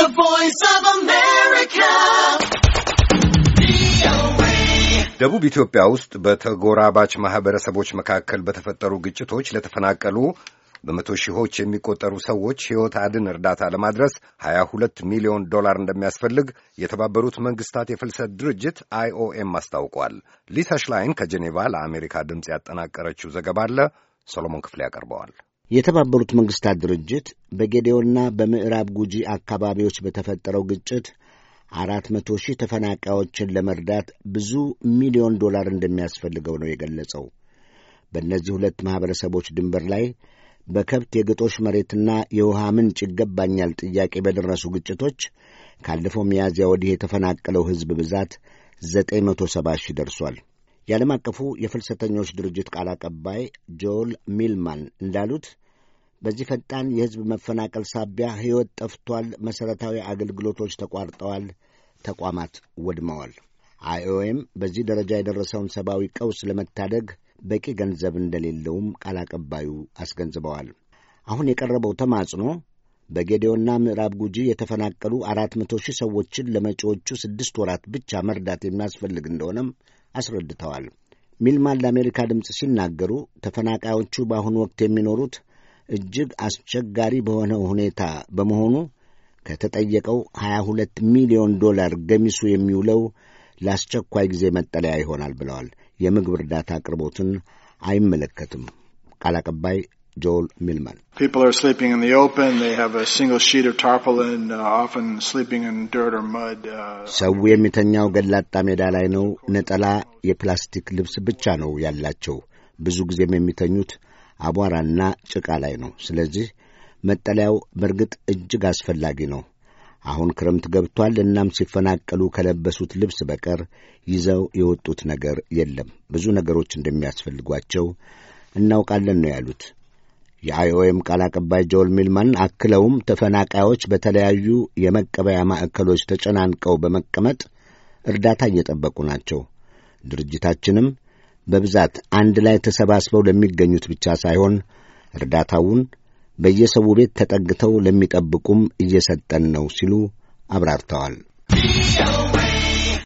The Voice of America. ደቡብ ኢትዮጵያ ውስጥ በተጎራባች ማህበረሰቦች መካከል በተፈጠሩ ግጭቶች ለተፈናቀሉ በመቶ ሺዎች የሚቆጠሩ ሰዎች ሕይወት አድን እርዳታ ለማድረስ 22 ሚሊዮን ዶላር እንደሚያስፈልግ የተባበሩት መንግስታት የፍልሰት ድርጅት አይኦኤም አስታውቋል። ሊሳ ሽላይን ከጄኔቫ ለአሜሪካ ድምፅ ያጠናቀረችው ዘገባ አለ። ሰሎሞን ክፍሌ ያቀርበዋል። የተባበሩት መንግሥታት ድርጅት በጌዴዮና በምዕራብ ጉጂ አካባቢዎች በተፈጠረው ግጭት አራት መቶ ሺህ ተፈናቃዮችን ለመርዳት ብዙ ሚሊዮን ዶላር እንደሚያስፈልገው ነው የገለጸው። በእነዚህ ሁለት ማኅበረሰቦች ድንበር ላይ በከብት የግጦሽ መሬትና የውሃ ምንጭ ይገባኛል ጥያቄ በደረሱ ግጭቶች ካለፈው ሚያዝያ ወዲህ የተፈናቀለው ሕዝብ ብዛት ዘጠኝ መቶ ሰባ ሺህ ደርሷል። የዓለም አቀፉ የፍልሰተኞች ድርጅት ቃል አቀባይ ጆል ሚልማን እንዳሉት በዚህ ፈጣን የሕዝብ መፈናቀል ሳቢያ ሕይወት ጠፍቷል፣ መሠረታዊ አገልግሎቶች ተቋርጠዋል፣ ተቋማት ወድመዋል። አይኦኤም በዚህ ደረጃ የደረሰውን ሰብአዊ ቀውስ ለመታደግ በቂ ገንዘብ እንደሌለውም ቃል አቀባዩ አስገንዝበዋል። አሁን የቀረበው ተማጽኖ በጌዴዮና ምዕራብ ጉጂ የተፈናቀሉ አራት መቶ ሺህ ሰዎችን ለመጪዎቹ ስድስት ወራት ብቻ መርዳት የሚያስፈልግ እንደሆነም አስረድተዋል። ሚልማን ለአሜሪካ ድምፅ ሲናገሩ ተፈናቃዮቹ በአሁኑ ወቅት የሚኖሩት እጅግ አስቸጋሪ በሆነው ሁኔታ በመሆኑ ከተጠየቀው 22 ሚሊዮን ዶላር ገሚሱ የሚውለው ለአስቸኳይ ጊዜ መጠለያ ይሆናል ብለዋል። የምግብ እርዳታ አቅርቦትን አይመለከትም። ቃል አቀባይ ጆል ሚልማን uh, uh, ሰው የሚተኛው ገላጣ ሜዳ ላይ ነው። ነጠላ፣ የፕላስቲክ ልብስ ብቻ ነው ያላቸው። ብዙ ጊዜም የሚተኙት አቧራና ጭቃ ላይ ነው። ስለዚህ መጠለያው በእርግጥ እጅግ አስፈላጊ ነው። አሁን ክረምት ገብቷል። እናም ሲፈናቀሉ ከለበሱት ልብስ በቀር ይዘው የወጡት ነገር የለም። ብዙ ነገሮች እንደሚያስፈልጓቸው እናውቃለን ነው ያሉት። የአይኦኤም ቃል አቀባይ ጆል ሚልማን አክለውም ተፈናቃዮች በተለያዩ የመቀበያ ማዕከሎች ተጨናንቀው በመቀመጥ እርዳታ እየጠበቁ ናቸው። ድርጅታችንም በብዛት አንድ ላይ ተሰባስበው ለሚገኙት ብቻ ሳይሆን እርዳታውን በየሰው ቤት ተጠግተው ለሚጠብቁም እየሰጠን ነው ሲሉ አብራርተዋል።